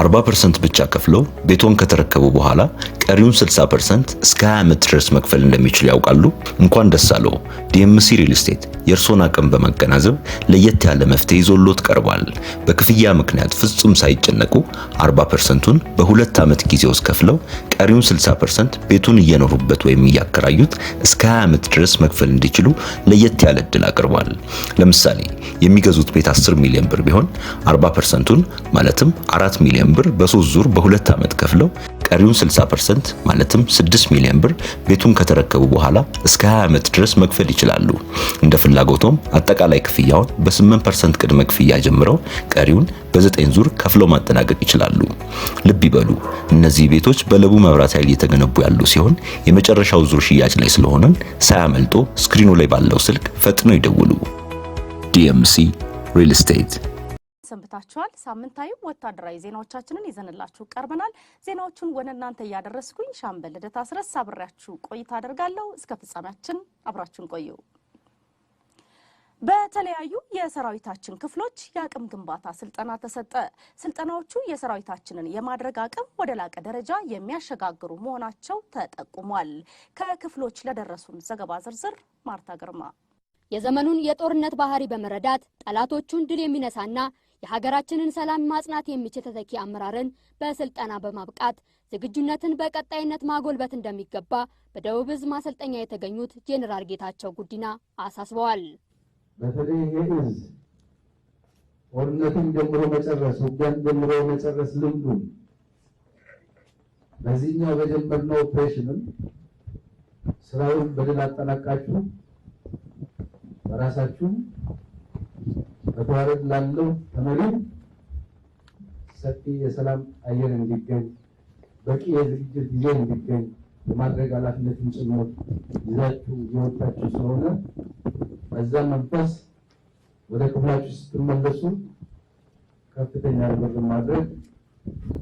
40% ብቻ ከፍለው ቤቶን ከተረከቡ በኋላ ቀሪውን 60% እስከ 20 ዓመት ድረስ መክፈል እንደሚችሉ ያውቃሉ? እንኳን ደስ አለው። ዲኤምሲ ሪል ስቴት የእርሶን አቅም በማገናዘብ ለየት ያለ መፍትሄ ይዞሎት ቀርቧል። በክፍያ ምክንያት ፍጹም ሳይጨነቁ 40%ቱን በሁለት ዓመት ጊዜ ውስጥ ከፍለው ቀሪውን 60% ቤቱን እየኖሩበት ወይም እያከራዩት እስከ 20 ዓመት ድረስ መክፈል እንዲችሉ ለየት ያለ እድል አቅርቧል። ለምሳሌ የሚገዙት ቤት 10 ሚሊዮን ብር ቢሆን 40%ቱን ማለትም 4 ሚሊዮን ሚሊዮን ብር በሶስት ዙር በሁለት ዓመት ከፍለው ቀሪውን 60% ማለትም 6 ሚሊዮን ብር ቤቱን ከተረከቡ በኋላ እስከ 20 ዓመት ድረስ መክፈል ይችላሉ። እንደ ፍላጎቶም አጠቃላይ ክፍያውን በ8% ቅድመ ክፍያ ጀምረው ቀሪውን በ9 ዙር ከፍለው ማጠናቀቅ ይችላሉ። ልብ ይበሉ፣ እነዚህ ቤቶች በለቡ መብራት ኃይል እየተገነቡ ያሉ ሲሆን የመጨረሻው ዙር ሽያጭ ላይ ስለሆነን ሳያመልጦ ስክሪኑ ላይ ባለው ስልክ ፈጥነው ይደውሉ። ዲኤምሲ ሪል ስቴት ሰንብታችኋል። ሳምንታዊም ወታደራዊ ዜናዎቻችንን ይዘንላችሁ ቀርበናል። ዜናዎቹን ወደ እናንተ እያደረስኩኝ ሻምበል ልደታ አስረስ አብሬያችሁ ቆይታ አደርጋለሁ። እስከ ፍጻሜያችን አብራችሁን ቆዩ። በተለያዩ የሰራዊታችን ክፍሎች የአቅም ግንባታ ስልጠና ተሰጠ። ስልጠናዎቹ የሰራዊታችንን የማድረግ አቅም ወደ ላቀ ደረጃ የሚያሸጋግሩ መሆናቸው ተጠቁሟል። ከክፍሎች ለደረሱን ዘገባ ዝርዝር ማርታ ግርማ። የዘመኑን የጦርነት ባህሪ በመረዳት ጠላቶቹን ድል የሚነሳና የሀገራችንን ሰላም ማጽናት የሚችል ተተኪ አመራርን በስልጠና በማብቃት ዝግጁነትን በቀጣይነት ማጎልበት እንደሚገባ በደቡብ ህዝብ ማሰልጠኛ የተገኙት ጄኔራል ጌታቸው ጉዲና አሳስበዋል። በተለይ ይሄ ዕዝ ጀምሮ መጨረስ፣ ውጊያን ጀምሮ መጨረስ ልምዱን በዚህኛው በጀመርነው ኦፕሬሽንም ስራውን በድል አጠናቃችሁ በራሳችሁም በተዋረድ ላለው ተመሪም ሰፊ የሰላም አየር እንዲገኝ በቂ የዝግጅት ጊዜ እንዲገኝ የማድረግ ኃላፊነትን ጭምር ይዛችሁ የወጣችሁ ስለሆነ በዛ መንፈስ ወደ ክፍላችሁ ስትመለሱ ከፍተኛ ነገር ማድረግ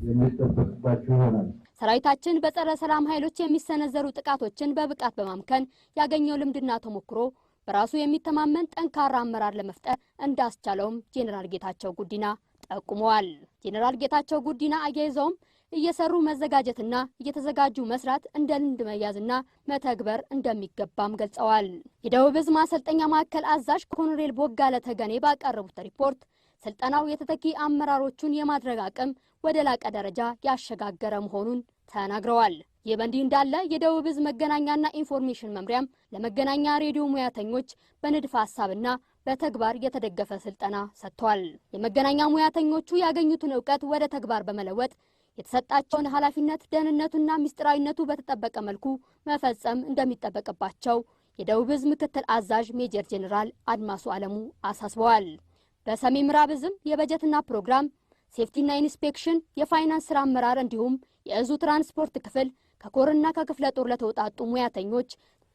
የሚጠበቅባችሁ ይሆናል። ሰራዊታችን በጸረ ሰላም ኃይሎች የሚሰነዘሩ ጥቃቶችን በብቃት በማምከን ያገኘው ልምድና ተሞክሮ በራሱ የሚተማመን ጠንካራ አመራር ለመፍጠር እንዳስቻለውም ጄኔራል ጌታቸው ጉዲና ጠቁመዋል። ጄኔራል ጌታቸው ጉዲና አያይዘውም እየሰሩ መዘጋጀትና እየተዘጋጁ መስራት እንደ ልምድ መያዝና መተግበር እንደሚገባም ገልጸዋል። የደቡብ ዕዝ ማሰልጠኛ ማዕከል አዛዥ ኮሎኔል ቦጋለ ተገኔ ባቀረቡት ሪፖርት ስልጠናው የተተኪ አመራሮቹን የማድረግ አቅም ወደ ላቀ ደረጃ ያሸጋገረ መሆኑን ተናግረዋል። ይህ በእንዲህ እንዳለ የደቡብ ዕዝ መገናኛና ኢንፎርሜሽን መምሪያም ለመገናኛ ሬዲዮ ሙያተኞች በንድፈ ሀሳብና በተግባር የተደገፈ ስልጠና ሰጥቷል። የመገናኛ ሙያተኞቹ ያገኙትን እውቀት ወደ ተግባር በመለወጥ የተሰጣቸውን ኃላፊነት ደህንነቱና ምስጢራዊነቱ በተጠበቀ መልኩ መፈጸም እንደሚጠበቅባቸው የደቡብ ዕዝ ምክትል አዛዥ ሜጀር ጄኔራል አድማሱ አለሙ አሳስበዋል። በሰሜን ምዕራብ ዕዝም የበጀትና ፕሮግራም ሴፍቲና ኢንስፔክሽን፣ የፋይናንስ ስራ አመራር እንዲሁም የዕዙ ትራንስፖርት ክፍል ከኮርና ከክፍለ ጦር ለተውጣጡ ሙያተኞች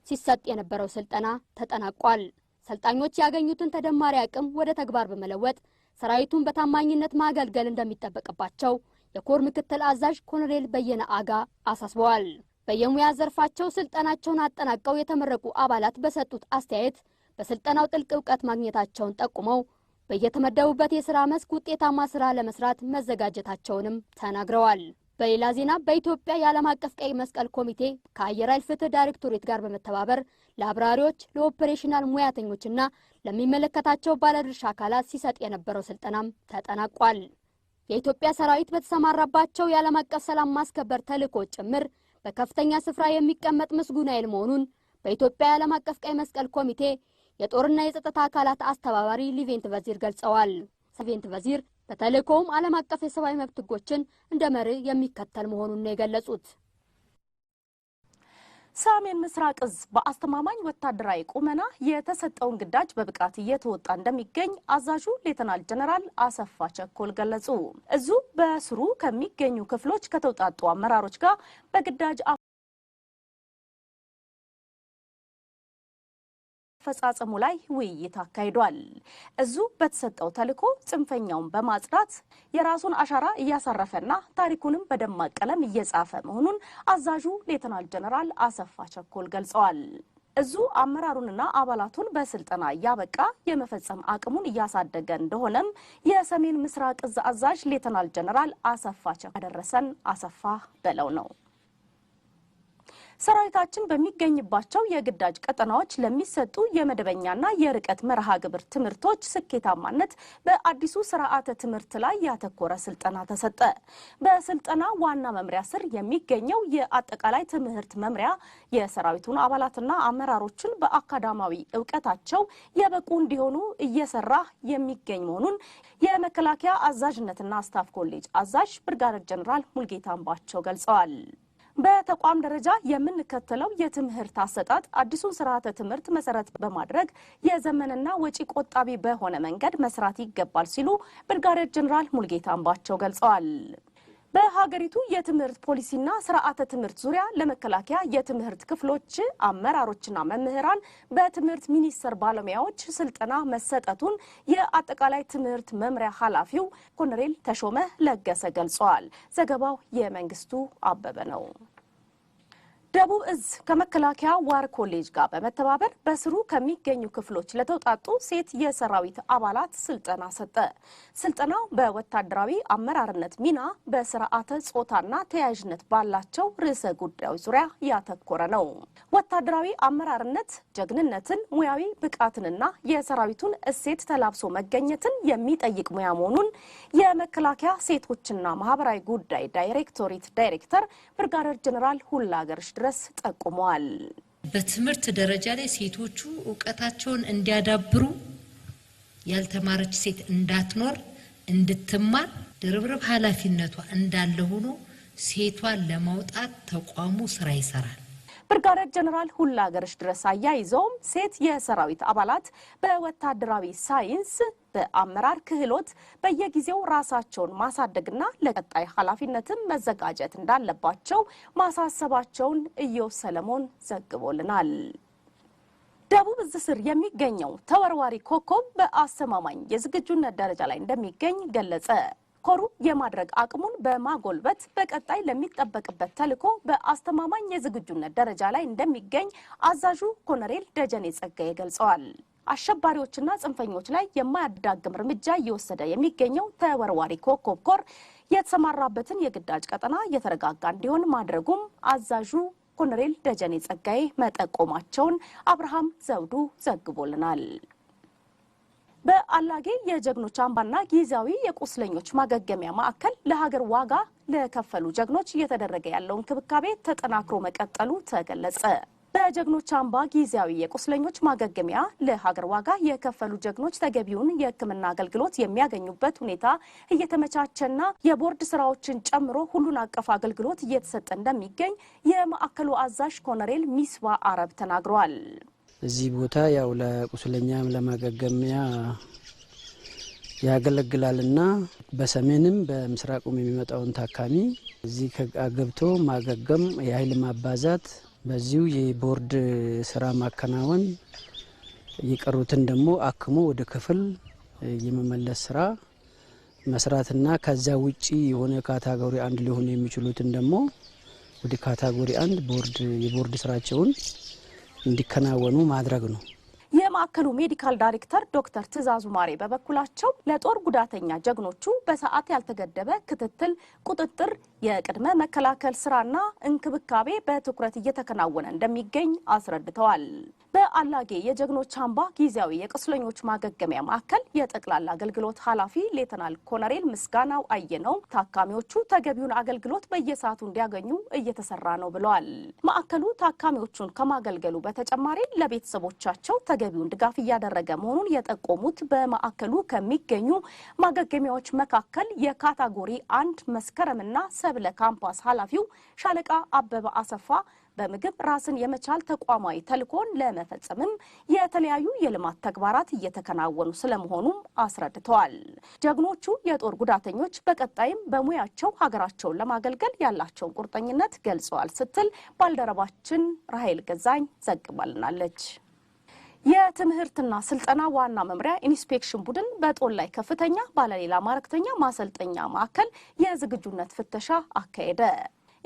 ሲሰጥ የነበረው ስልጠና ተጠናቋል። ሰልጣኞች ያገኙትን ተደማሪ አቅም ወደ ተግባር በመለወጥ ሰራዊቱን በታማኝነት ማገልገል እንደሚጠበቅባቸው የኮር ምክትል አዛዥ ኮሎኔል በየነ አጋ አሳስበዋል። በየሙያ ዘርፋቸው ስልጠናቸውን አጠናቀው የተመረቁ አባላት በሰጡት አስተያየት በስልጠናው ጥልቅ እውቀት ማግኘታቸውን ጠቁመው በየተመደቡበት የስራ መስክ ውጤታማ ስራ ለመስራት መዘጋጀታቸውንም ተናግረዋል። በሌላ ዜና በኢትዮጵያ የዓለም አቀፍ ቀይ መስቀል ኮሚቴ ከአየር ኃይል ፍትህ ዳይሬክቶሬት ጋር በመተባበር ለአብራሪዎች፣ ለኦፕሬሽናል ሙያተኞችና ለሚመለከታቸው ባለድርሻ አካላት ሲሰጥ የነበረው ስልጠናም ተጠናቋል። የኢትዮጵያ ሰራዊት በተሰማራባቸው የዓለም አቀፍ ሰላም ማስከበር ተልእኮች ጭምር በከፍተኛ ስፍራ የሚቀመጥ ምስጉን ኃይል መሆኑን በኢትዮጵያ የዓለም አቀፍ ቀይ መስቀል ኮሚቴ የጦርና የጸጥታ አካላት አስተባባሪ ሊቬንት ቨዚር ገልጸዋል። ሊቬንት በዚር በተልእኮውም ዓለም አቀፍ የሰብአዊ መብት ህጎችን እንደ መርህ የሚከተል መሆኑን ነው የገለጹት። ሰሜን ምስራቅ እዝ በአስተማማኝ ወታደራዊ ቁመና የተሰጠውን ግዳጅ በብቃት እየተወጣ እንደሚገኝ አዛዡ ሌተናል ጀነራል አሰፋ ቸኮል ገለጹ። እዙ በስሩ ከሚገኙ ክፍሎች ከተውጣጡ አመራሮች ጋር በግዳጅ አፈጻጸሙ ላይ ውይይት አካሂዷል። እዙ በተሰጠው ተልዕኮ ጽንፈኛውን በማጽዳት የራሱን አሻራ እያሳረፈና ታሪኩንም በደማቅ ቀለም እየጻፈ መሆኑን አዛዡ ሌተናል ጀነራል አሰፋ ቸኮል ገልጸዋል። እዙ አመራሩንና አባላቱን በስልጠና እያበቃ የመፈጸም አቅሙን እያሳደገ እንደሆነም የሰሜን ምስራቅ እዝ አዛዥ ሌተናል ጀነራል አሰፋ ቸኮል ያደረሰን አሰፋ በለው ነው። ሰራዊታችን በሚገኝባቸው የግዳጅ ቀጠናዎች ለሚሰጡ የመደበኛና የርቀት መርሃ ግብር ትምህርቶች ስኬታማነት በአዲሱ ስርዓተ ትምህርት ላይ ያተኮረ ስልጠና ተሰጠ። በስልጠና ዋና መምሪያ ስር የሚገኘው የአጠቃላይ ትምህርት መምሪያ የሰራዊቱን አባላትና አመራሮችን በአካዳማዊ እውቀታቸው የበቁ እንዲሆኑ እየሰራ የሚገኝ መሆኑን የመከላከያ አዛዥነትና ስታፍ ኮሌጅ አዛዥ ብርጋደር ጀኔራል ሙልጌታ አምባቸው ገልጸዋል። በተቋም ደረጃ የምንከተለው የትምህርት አሰጣጥ አዲሱን ስርዓተ ትምህርት መሰረት በማድረግ የዘመንና ወጪ ቆጣቢ በሆነ መንገድ መስራት ይገባል ሲሉ ብርጋዴር ጀኔራል ሙልጌታ አምባቸው ገልጸዋል። በሀገሪቱ የትምህርት ፖሊሲና ስርዓተ ትምህርት ዙሪያ ለመከላከያ የትምህርት ክፍሎች አመራሮችና መምህራን በትምህርት ሚኒስቴር ባለሙያዎች ስልጠና መሰጠቱን የአጠቃላይ ትምህርት መምሪያ ኃላፊው ኮሎኔል ተሾመ ለገሰ ገልጸዋል። ዘገባው የመንግስቱ አበበ ነው። ደቡብ እዝ ከመከላከያ ዋር ኮሌጅ ጋር በመተባበር በስሩ ከሚገኙ ክፍሎች ለተውጣጡ ሴት የሰራዊት አባላት ስልጠና ሰጠ። ስልጠናው በወታደራዊ አመራርነት ሚና፣ በስርዓተ ጾታና ተያያዥነት ባላቸው ርዕሰ ጉዳዮች ዙሪያ ያተኮረ ነው። ወታደራዊ አመራርነት ጀግንነትን፣ ሙያዊ ብቃትንና የሰራዊቱን እሴት ተላብሶ መገኘትን የሚጠይቅ ሙያ መሆኑን የመከላከያ ሴቶችና ማህበራዊ ጉዳይ ዳይሬክቶሬት ዳይሬክተር ብርጋደር ጀኔራል ሁላገርሽ እንደሚደረስ ጠቁመዋል። በትምህርት ደረጃ ላይ ሴቶቹ እውቀታቸውን እንዲያዳብሩ ያልተማረች ሴት እንዳትኖር እንድትማር ድርብርብ ኃላፊነቷ እንዳለ ሆኖ ሴቷን ለማውጣት ተቋሙ ስራ ይሰራል። ብርጋዴር ጀነራል ሁላገርሽ ድረስ አያይዘውም ሴት የሰራዊት አባላት በወታደራዊ ሳይንስ በአመራር ክህሎት በየጊዜው ራሳቸውን ማሳደግና ለቀጣይ ኃላፊነትም መዘጋጀት እንዳለባቸው ማሳሰባቸውን እዮብ ሰለሞን ዘግቦልናል። ደቡብ እዝ ስር የሚገኘው ተወርዋሪ ኮከብ በአስተማማኝ የዝግጁነት ደረጃ ላይ እንደሚገኝ ገለጸ። ኮሩ የማድረግ አቅሙን በማጎልበት በቀጣይ ለሚጠበቅበት ተልዕኮ በአስተማማኝ የዝግጁነት ደረጃ ላይ እንደሚገኝ አዛዡ ኮሎኔል ደጀኔ ጸጋዬ ገልጸዋል። አሸባሪዎችና ጽንፈኞች ላይ የማያዳግም እርምጃ እየወሰደ የሚገኘው ተወርዋሪ ኮከብ ኮር የተሰማራበትን የግዳጅ ቀጠና የተረጋጋ እንዲሆን ማድረጉም አዛዡ ኮሎኔል ደጀኔ ጸጋዬ መጠቆማቸውን አብርሃም ዘውዱ ዘግቦልናል። በአላጌ የጀግኖች አምባና ጊዜያዊ የቁስለኞች ማገገሚያ ማዕከል ለሀገር ዋጋ ለከፈሉ ጀግኖች እየተደረገ ያለው እንክብካቤ ተጠናክሮ መቀጠሉ ተገለጸ። በጀግኖች አምባ ጊዜያዊ የቁስለኞች ማገገሚያ ለሀገር ዋጋ የከፈሉ ጀግኖች ተገቢውን የሕክምና አገልግሎት የሚያገኙበት ሁኔታ እየተመቻቸና የቦርድ ስራዎችን ጨምሮ ሁሉን አቀፍ አገልግሎት እየተሰጠ እንደሚገኝ የማዕከሉ አዛዥ ኮሎኔል ሚስባ አረብ ተናግረዋል። እዚህ ቦታ ያው ለቁስለኛም ለማገገሚያ ያገለግላልና በሰሜንም በምስራቁም የሚመጣውን ታካሚ እዚህ ገብቶ ማገገም፣ የኃይል ማባዛት፣ በዚሁ የቦርድ ስራ ማከናወን፣ የቀሩትን ደግሞ አክሞ ወደ ክፍል የመመለስ ስራ መስራትና ከዛ ውጪ የሆነ ካታጎሪ አንድ ሊሆኑ የሚችሉትን ደግሞ ወደ ካታጎሪ አንድ ቦርድ የቦርድ ስራቸውን እንዲከናወኑ ማድረግ ነው። የማዕከሉ ሜዲካል ዳይሬክተር ዶክተር ትእዛዙ ማሬ በበኩላቸው ለጦር ጉዳተኛ ጀግኖቹ በሰዓት ያልተገደበ ክትትል፣ ቁጥጥር፣ የቅድመ መከላከል ስራና እንክብካቤ በትኩረት እየተከናወነ እንደሚገኝ አስረድተዋል። በአላጌ የጀግኖች አምባ ጊዜያዊ የቁስለኞች ማገገሚያ ማዕከል የጠቅላላ አገልግሎት ኃላፊ ሌተናል ኮሎኔል ምስጋናው አየነው ታካሚዎቹ ተገቢውን አገልግሎት በየሰዓቱ እንዲያገኙ እየተሰራ ነው ብለዋል። ማዕከሉ ታካሚዎቹን ከማገልገሉ በተጨማሪ ለቤተሰቦቻቸው ተገቢውን ተገቢውን ድጋፍ እያደረገ መሆኑን የጠቆሙት በማዕከሉ ከሚገኙ ማገገሚያዎች መካከል የካታጎሪ አንድ መስከረምና ሰብለ ካምፓስ ኃላፊው ሻለቃ አበበ አሰፋ በምግብ ራስን የመቻል ተቋማዊ ተልእኮን ለመፈጸምም የተለያዩ የልማት ተግባራት እየተከናወኑ ስለመሆኑም አስረድተዋል። ጀግኖቹ የጦር ጉዳተኞች በቀጣይም በሙያቸው ሀገራቸውን ለማገልገል ያላቸውን ቁርጠኝነት ገልጸዋል ስትል ባልደረባችን ራሄል ገዛኝ ዘግባልናለች። የትምህርትና ስልጠና ዋና መምሪያ ኢንስፔክሽን ቡድን በጦል ላይ ከፍተኛ ባለሌላ ማረክተኛ ማሰልጠኛ ማዕከል የዝግጁነት ፍተሻ አካሄደ።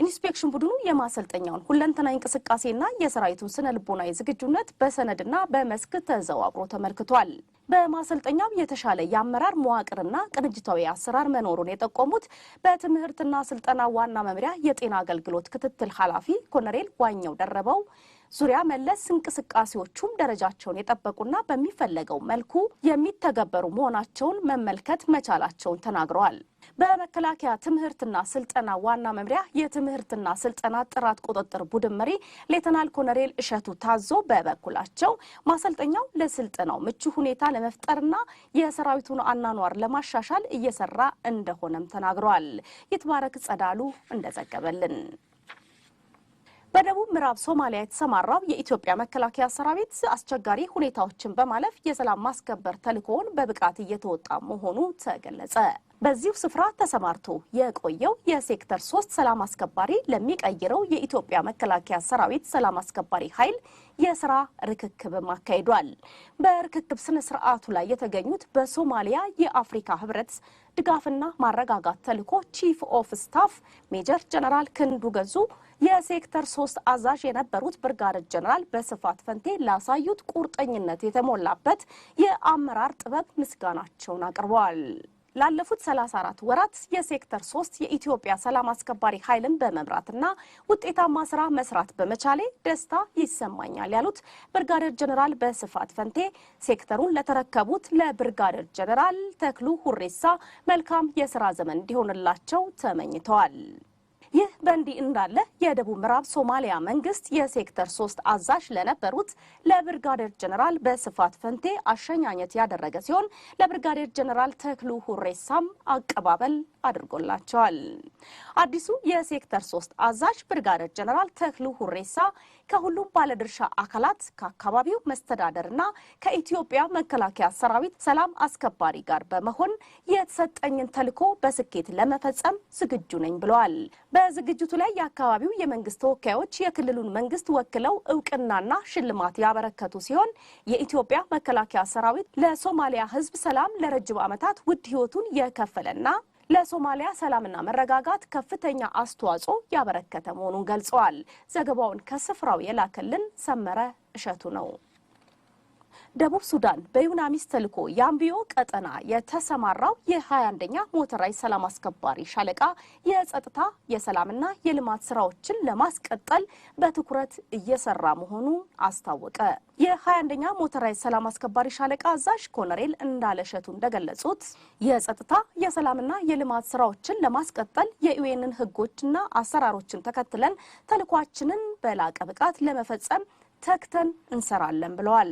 ኢንስፔክሽን ቡድኑ የማሰልጠኛውን ሁለንተና እንቅስቃሴና የሰራዊቱን ስነ ልቦናዊ ዝግጁነት በሰነድና በመስክ ተዘዋብሮ ተመልክቷል። በማሰልጠኛው የተሻለ የአመራር መዋቅርና ቅንጅታዊ አሰራር መኖሩን የጠቆሙት በትምህርትና ስልጠና ዋና መምሪያ የጤና አገልግሎት ክትትል ኃላፊ ኮሎኔል ዋኘው ደረበው ዙሪያ መለስ እንቅስቃሴዎቹም ደረጃቸውን የጠበቁና በሚፈለገው መልኩ የሚተገበሩ መሆናቸውን መመልከት መቻላቸውን ተናግረዋል። በመከላከያ ትምህርትና ስልጠና ዋና መምሪያ የትምህርትና ስልጠና ጥራት ቁጥጥር ቡድን መሪ ሌተናል ኮሎኔል እሸቱ ታዞ በበኩላቸው ማሰልጠኛው ለስልጠናው ምቹ ሁኔታ ለመፍጠርና የሰራዊቱን አናኗር ለማሻሻል እየሰራ እንደሆነም ተናግረዋል። ይትባረክ ጸዳሉ እንደዘገበልን በደቡብ ምዕራብ ሶማሊያ የተሰማራው የኢትዮጵያ መከላከያ ሰራዊት አስቸጋሪ ሁኔታዎችን በማለፍ የሰላም ማስከበር ተልዕኮውን በብቃት እየተወጣ መሆኑ ተገለጸ። በዚሁ ስፍራ ተሰማርቶ የቆየው የሴክተር ሶስት ሰላም አስከባሪ ለሚቀይረው የኢትዮጵያ መከላከያ ሰራዊት ሰላም አስከባሪ ኃይል የስራ ርክክብም አካሂዷል። በርክክብ ስነ ስርዓቱ ላይ የተገኙት በሶማሊያ የአፍሪካ ህብረት ድጋፍና ማረጋጋት ተልዕኮ ቺፍ ኦፍ ስታፍ ሜጀር ጀነራል ክንዱ ገዙ የሴክተር ሶስት አዛዥ የነበሩት ብርጋዴር ጀነራል በስፋት ፈንቴ ላሳዩት ቁርጠኝነት የተሞላበት የአመራር ጥበብ ምስጋናቸውን አቅርበዋል። ላለፉት 34 ወራት የሴክተር 3 የኢትዮጵያ ሰላም አስከባሪ ኃይልን በመምራትና ውጤታማ ስራ መስራት በመቻሌ ደስታ ይሰማኛል ያሉት ብርጋደር ጀነራል በስፋት ፈንቴ ሴክተሩን ለተረከቡት ለብርጋደር ጀኔራል ተክሉ ሁሬሳ መልካም የስራ ዘመን እንዲሆንላቸው ተመኝተዋል። ይህ በእንዲህ እንዳለ የደቡብ ምዕራብ ሶማሊያ መንግስት የሴክተር ሶስት አዛዥ ለነበሩት ለብርጋዴር ጀነራል በስፋት ፈንቴ አሸኛኘት ያደረገ ሲሆን ለብርጋዴር ጀነራል ተክሉ ሁሬሳም አቀባበል አድርጎላቸዋል። አዲሱ የሴክተር ሶስት አዛዥ ብርጋዴር ጀነራል ተክሉ ሁሬሳ ከሁሉም ባለድርሻ አካላት ከአካባቢው መስተዳደርና ከኢትዮጵያ መከላከያ ሰራዊት ሰላም አስከባሪ ጋር በመሆን የተሰጠኝን ተልዕኮ በስኬት ለመፈጸም ዝግጁ ነኝ ብለዋል። በዝግጅቱ ላይ የአካባቢው የመንግስት ተወካዮች የክልሉን መንግስት ወክለው እውቅናና ሽልማት ያበረከቱ ሲሆን የኢትዮጵያ መከላከያ ሰራዊት ለሶማሊያ ህዝብ ሰላም ለረጅም ዓመታት ውድ ህይወቱን የከፈለና ለሶማሊያ ሰላምና መረጋጋት ከፍተኛ አስተዋጽኦ ያበረከተ መሆኑን ገልጸዋል። ዘገባውን ከስፍራው የላከልን ሰመረ እሸቱ ነው። ደቡብ ሱዳን በዩናሚስ ተልኮ የአምቢዮ ቀጠና የተሰማራው የ21ኛ ሞተራይ ሰላም አስከባሪ ሻለቃ የጸጥታ የሰላምና የልማት ስራዎችን ለማስቀጠል በትኩረት እየሰራ መሆኑን አስታወቀ። የ21ኛ ሞተራይ ሰላም አስከባሪ ሻለቃ አዛዥ ኮሎኔል እንዳለሸቱ እንደገለጹት የጸጥታ የሰላምና የልማት ስራዎችን ለማስቀጠል የዩኤንን ህጎችና አሰራሮችን ተከትለን ተልኳችንን በላቀ ብቃት ለመፈጸም ተክተን እንሰራለን ብለዋል።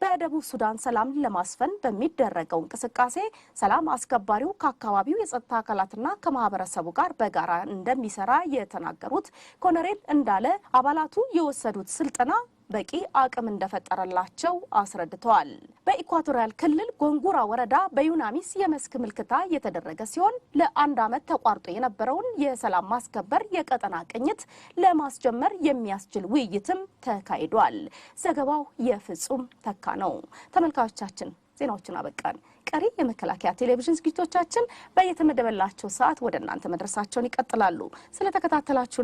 በደቡብ ሱዳን ሰላም ለማስፈን በሚደረገው እንቅስቃሴ ሰላም አስከባሪው ከአካባቢው የጸጥታ አካላትና ከማህበረሰቡ ጋር በጋራ እንደሚሰራ የተናገሩት ኮሎኔል እንዳለ አባላቱ የወሰዱት ስልጠና በቂ አቅም እንደፈጠረላቸው አስረድተዋል። በኢኳቶሪያል ክልል ጎንጉራ ወረዳ በዩናሚስ የመስክ ምልክታ የተደረገ ሲሆን ለአንድ ዓመት ተቋርጦ የነበረውን የሰላም ማስከበር የቀጠና ቅኝት ለማስጀመር የሚያስችል ውይይትም ተካሂዷል። ዘገባው የፍጹም ተካ ነው። ተመልካቾቻችን ዜናዎችን አበቃን። ቀሪ የመከላከያ ቴሌቪዥን ዝግጅቶቻችን በየተመደበላቸው ሰዓት ወደ እናንተ መድረሳቸውን ይቀጥላሉ። ስለተከታተላችሁ